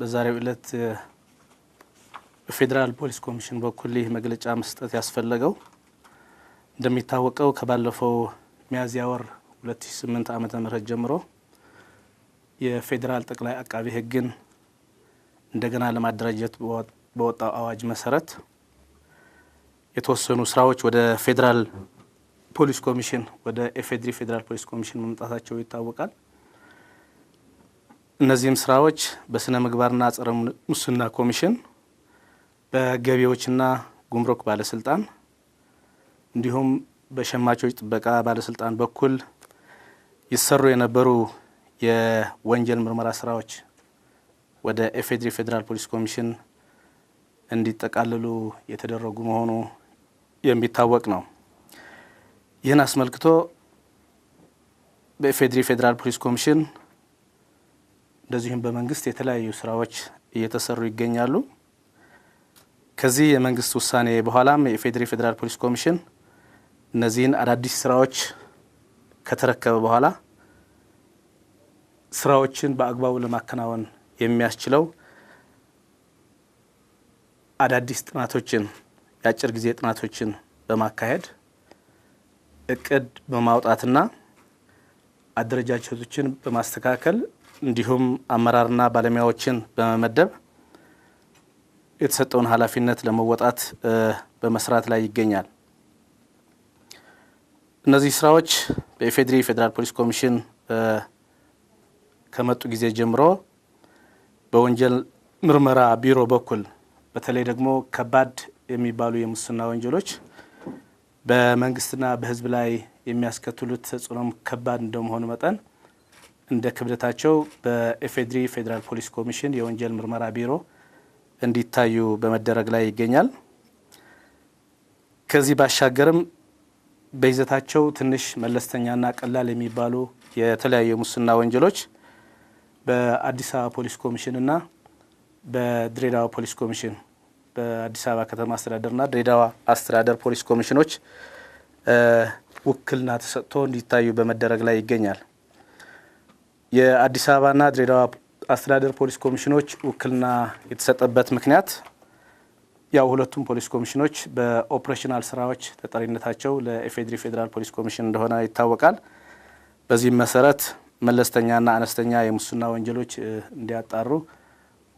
በዛሬው ዕለት ፌዴራል ፖሊስ ኮሚሽን በኩል ይህ መግለጫ መስጠት ያስፈለገው እንደሚታወቀው ከባለፈው ሚያዝያ ወር 2008 ዓመተ ምህረት ጀምሮ የፌዴራል ጠቅላይ አቃቢ ሕግን እንደገና ለማደራጀት በወጣው አዋጅ መሰረት የተወሰኑ ስራዎች ወደ ፌዴራል ፖሊስ ኮሚሽን ወደ ኤፌድሪ ፌዴራል ፖሊስ ኮሚሽን መምጣታቸው ይታወቃል። እነዚህም ስራዎች በስነ ምግባርና ጸረ ሙስና ኮሚሽን፣ በገቢዎችና ጉምሩክ ባለስልጣን እንዲሁም በሸማቾች ጥበቃ ባለስልጣን በኩል ይሰሩ የነበሩ የወንጀል ምርመራ ስራዎች ወደ ኤፌድሪ ፌዴራል ፖሊስ ኮሚሽን እንዲጠቃልሉ የተደረጉ መሆኑ የሚታወቅ ነው። ይህን አስመልክቶ በኤፌድሪ ፌዴራል ፖሊስ ኮሚሽን እንደዚሁም በመንግስት የተለያዩ ስራዎች እየተሰሩ ይገኛሉ። ከዚህ የመንግስት ውሳኔ በኋላም የኢፌዴሪ ፌዴራል ፖሊስ ኮሚሽን እነዚህን አዳዲስ ስራዎች ከተረከበ በኋላ ስራዎችን በአግባቡ ለማከናወን የሚያስችለው አዳዲስ ጥናቶችን የአጭር ጊዜ ጥናቶችን በማካሄድ እቅድ በማውጣትና አደረጃጀቶችን በማስተካከል እንዲሁም አመራርና ባለሙያዎችን በመመደብ የተሰጠውን ኃላፊነት ለመወጣት በመስራት ላይ ይገኛል። እነዚህ ስራዎች በኢፌዴሪ ፌዴራል ፖሊስ ኮሚሽን ከመጡ ጊዜ ጀምሮ በወንጀል ምርመራ ቢሮ በኩል በተለይ ደግሞ ከባድ የሚባሉ የሙስና ወንጀሎች በመንግስትና በሕዝብ ላይ የሚያስከትሉት ተጽዕኖም ከባድ እንደመሆኑ መጠን እንደ ክብደታቸው በኢፌድሪ ፌዴራል ፖሊስ ኮሚሽን የወንጀል ምርመራ ቢሮ እንዲታዩ በመደረግ ላይ ይገኛል። ከዚህ ባሻገርም በይዘታቸው ትንሽ መለስተኛና ቀላል የሚባሉ የተለያዩ የሙስና ወንጀሎች በአዲስ አበባ ፖሊስ ኮሚሽንና በድሬዳዋ ፖሊስ ኮሚሽን በአዲስ አበባ ከተማ አስተዳደርና ድሬዳዋ አስተዳደር ፖሊስ ኮሚሽኖች ውክልና ተሰጥቶ እንዲታዩ በመደረግ ላይ ይገኛል። የአዲስ አበባና ድሬዳዋ አስተዳደር ፖሊስ ኮሚሽኖች ውክልና የተሰጠበት ምክንያት ያው ሁለቱም ፖሊስ ኮሚሽኖች በኦፕሬሽናል ስራዎች ተጠሪነታቸው ለኢፌዴሪ ፌዴራል ፖሊስ ኮሚሽን እንደሆነ ይታወቃል። በዚህም መሰረት መለስተኛና አነስተኛ የሙስና ወንጀሎች እንዲያጣሩ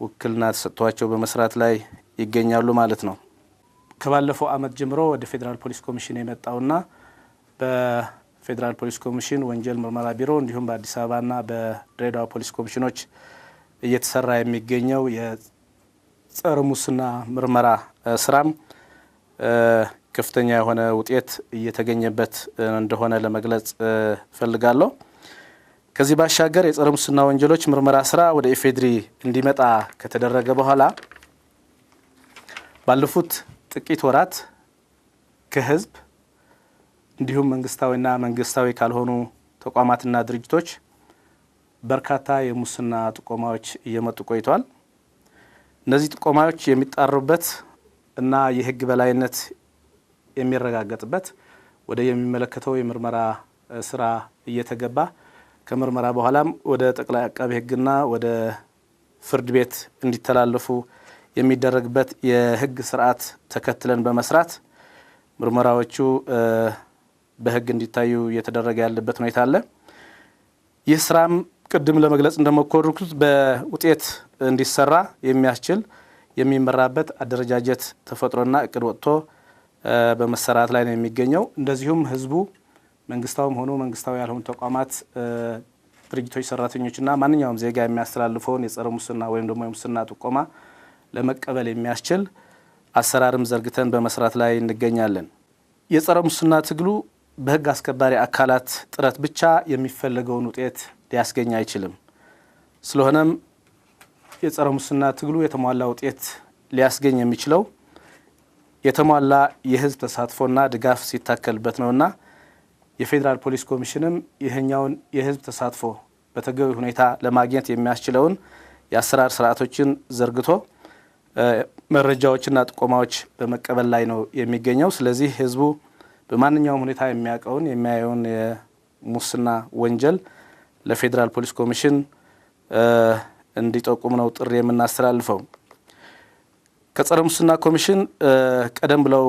ውክልና ተሰጥቷቸው በመስራት ላይ ይገኛሉ ማለት ነው። ከባለፈው ዓመት ጀምሮ ወደ ፌዴራል ፖሊስ ኮሚሽን የመጣውና ፌዴራል ፖሊስ ኮሚሽን፣ ወንጀል ምርመራ ቢሮ እንዲሁም በአዲስ አበባና በድሬዳዋ ፖሊስ ኮሚሽኖች እየተሰራ የሚገኘው የጸረ ሙስና ምርመራ ስራም ከፍተኛ የሆነ ውጤት እየተገኘበት እንደሆነ ለመግለጽ እፈልጋለሁ። ከዚህ ባሻገር የጸረ ሙስና ወንጀሎች ምርመራ ስራ ወደ ኢፌድሪ እንዲመጣ ከተደረገ በኋላ ባለፉት ጥቂት ወራት ከህዝብ እንዲሁም መንግስታዊና መንግስታዊ ካልሆኑ ተቋማትና ድርጅቶች በርካታ የሙስና ጥቆማዎች እየመጡ ቆይተዋል። እነዚህ ጥቆማዎች የሚጣሩበት እና የህግ በላይነት የሚረጋገጥበት ወደ የሚመለከተው የምርመራ ስራ እየተገባ ከምርመራ በኋላም ወደ ጠቅላይ አቃቤ ህግና ወደ ፍርድ ቤት እንዲተላለፉ የሚደረግበት የህግ ስርዓት ተከትለን በመስራት ምርመራዎቹ በህግ እንዲታዩ እየተደረገ ያለበት ሁኔታ አለ። ይህ ስራም ቅድም ለመግለጽ እንደሞከርኩት በውጤት እንዲሰራ የሚያስችል የሚመራበት አደረጃጀት ተፈጥሮና እቅድ ወጥቶ በመሰራት ላይ ነው የሚገኘው። እንደዚሁም ህዝቡ መንግስታውም ሆኑ መንግስታዊ ያልሆኑ ተቋማት፣ ድርጅቶች፣ ሰራተኞችና ማንኛውም ዜጋ የሚያስተላልፈውን የጸረ ሙስና ወይም ደግሞ የሙስና ጥቆማ ለመቀበል የሚያስችል አሰራርም ዘርግተን በመስራት ላይ እንገኛለን። የጸረ ሙስና ትግሉ በህግ አስከባሪ አካላት ጥረት ብቻ የሚፈለገውን ውጤት ሊያስገኝ አይችልም። ስለሆነም የጸረ ሙስና ትግሉ የተሟላ ውጤት ሊያስገኝ የሚችለው የተሟላ የህዝብ ተሳትፎና ድጋፍ ሲታከልበት ነውና የፌዴራል ፖሊስ ኮሚሽንም ይህኛውን የህዝብ ተሳትፎ በተገቢ ሁኔታ ለማግኘት የሚያስችለውን የአሰራር ስርዓቶችን ዘርግቶ መረጃዎችና ጥቆማዎች በመቀበል ላይ ነው የሚገኘው። ስለዚህ ህዝቡ በማንኛውም ሁኔታ የሚያውቀውን የሚያየውን የሙስና ወንጀል ለፌዴራል ፖሊስ ኮሚሽን እንዲጠቁም ነው ጥሪ የምናስተላልፈው። ከጸረ ሙስና ኮሚሽን ቀደም ብለው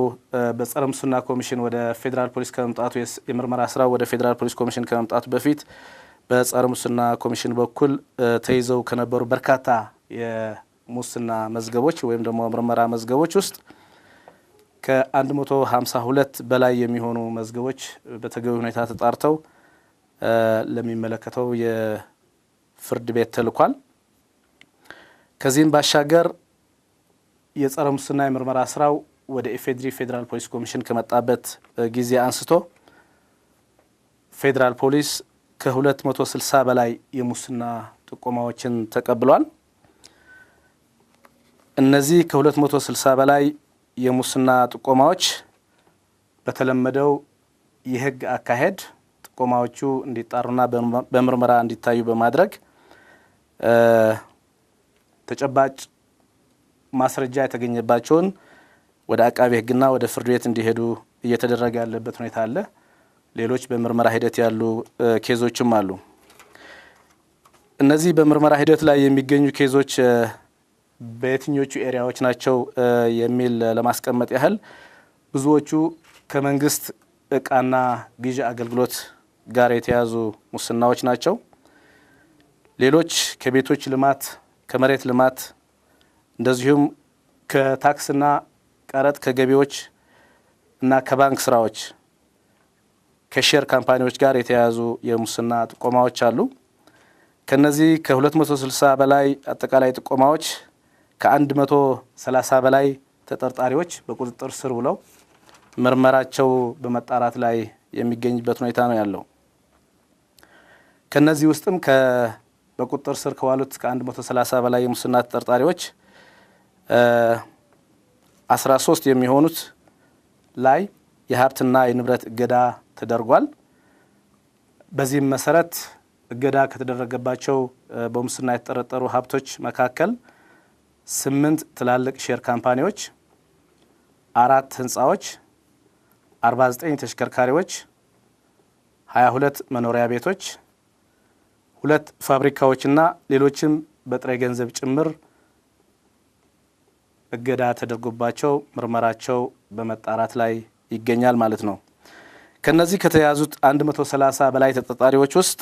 በጸረ ሙስና ኮሚሽን ወደ ፌዴራል ፖሊስ ከመምጣቱ የምርመራ ስራ ወደ ፌዴራል ፖሊስ ኮሚሽን ከመምጣቱ በፊት በጸረ ሙስና ኮሚሽን በኩል ተይዘው ከነበሩ በርካታ የሙስና መዝገቦች ወይም ደግሞ ምርመራ መዝገቦች ውስጥ ከ152 በላይ የሚሆኑ መዝገቦች በተገቢ ሁኔታ ተጣርተው ለሚመለከተው የፍርድ ቤት ተልኳል። ከዚህም ባሻገር የጸረ ሙስና የምርመራ ስራው ወደ ኢፌድሪ ፌዴራል ፖሊስ ኮሚሽን ከመጣበት ጊዜ አንስቶ ፌዴራል ፖሊስ ከ260 በላይ የሙስና ጥቆማዎችን ተቀብሏል። እነዚህ ከ260 በላይ የሙስና ጥቆማዎች በተለመደው የህግ አካሄድ ጥቆማዎቹ እንዲጣሩና በምርመራ እንዲታዩ በማድረግ ተጨባጭ ማስረጃ የተገኘባቸውን ወደ አቃቤ ህግና ወደ ፍርድ ቤት እንዲሄዱ እየተደረገ ያለበት ሁኔታ አለ። ሌሎች በምርመራ ሂደት ያሉ ኬዞችም አሉ። እነዚህ በምርመራ ሂደት ላይ የሚገኙ ኬዞች በየትኞቹ ኤሪያዎች ናቸው የሚል ለማስቀመጥ ያህል ብዙዎቹ ከመንግስት እቃና ግዢ አገልግሎት ጋር የተያዙ ሙስናዎች ናቸው። ሌሎች ከቤቶች ልማት፣ ከመሬት ልማት እንደዚሁም ከታክስና ቀረጥ ከገቢዎች እና ከባንክ ስራዎች ከሼር ካምፓኒዎች ጋር የተያያዙ የሙስና ጥቆማዎች አሉ። ከነዚህ ከ260 በላይ አጠቃላይ ጥቆማዎች ከአንድ መቶ ሰላሳ በላይ ተጠርጣሪዎች በቁጥጥር ስር ውለው ምርመራቸው በመጣራት ላይ የሚገኝበት ሁኔታ ነው ያለው። ከነዚህ ውስጥም በቁጥጥር ስር ከዋሉት መቶ ሰላሳ በላይ የሙስና ተጠርጣሪዎች ሶስት የሚሆኑት ላይ የሀብትና የንብረት እገዳ ተደርጓል። በዚህም መሰረት እገዳ ከተደረገባቸው በሙስና የተጠረጠሩ ሀብቶች መካከል ስምንት ትላልቅ ሼር ካምፓኒዎች፣ አራት ህንፃዎች፣ 49 ተሽከርካሪዎች፣ 22 መኖሪያ ቤቶች፣ ሁለት ፋብሪካዎችና ሌሎችም በጥሬ ገንዘብ ጭምር እገዳ ተደርጎባቸው ምርመራቸው በመጣራት ላይ ይገኛል ማለት ነው። ከነዚህ ከተያዙት 130 በላይ ተጠርጣሪዎች ውስጥ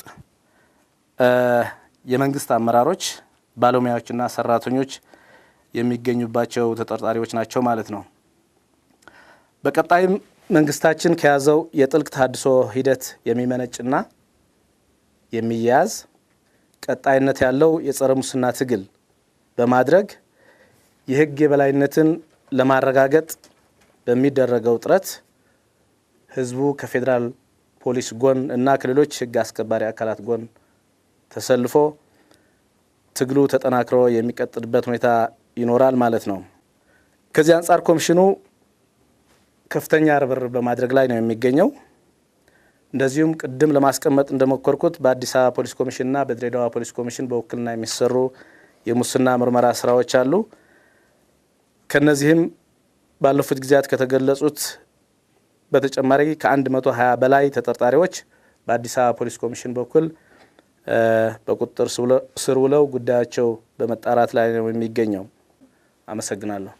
የመንግስት አመራሮች፣ ባለሙያዎችና ሰራተኞች የሚገኙባቸው ተጠርጣሪዎች ናቸው ማለት ነው። በቀጣይም መንግስታችን ከያዘው የጥልቅ ተሃድሶ ሂደት የሚመነጭና የሚያያዝ ቀጣይነት ያለው የጸረ ሙስና ትግል በማድረግ የህግ የበላይነትን ለማረጋገጥ በሚደረገው ጥረት ህዝቡ ከፌዴራል ፖሊስ ጎን እና ከሌሎች ህግ አስከባሪ አካላት ጎን ተሰልፎ ትግሉ ተጠናክሮ የሚቀጥልበት ሁኔታ ይኖራል ማለት ነው። ከዚህ አንጻር ኮሚሽኑ ከፍተኛ ርብር በማድረግ ላይ ነው የሚገኘው። እንደዚሁም ቅድም ለማስቀመጥ እንደሞከርኩት በአዲስ አበባ ፖሊስ ኮሚሽንና በድሬዳዋ ፖሊስ ኮሚሽን በውክልና የሚሰሩ የሙስና ምርመራ ስራዎች አሉ። ከነዚህም ባለፉት ጊዜያት ከተገለጹት በተጨማሪ ከ120 በላይ ተጠርጣሪዎች በአዲስ አበባ ፖሊስ ኮሚሽን በኩል በቁጥጥር ስር ውለው ጉዳያቸው በመጣራት ላይ ነው የሚገኘው። አመሰግናለሁ።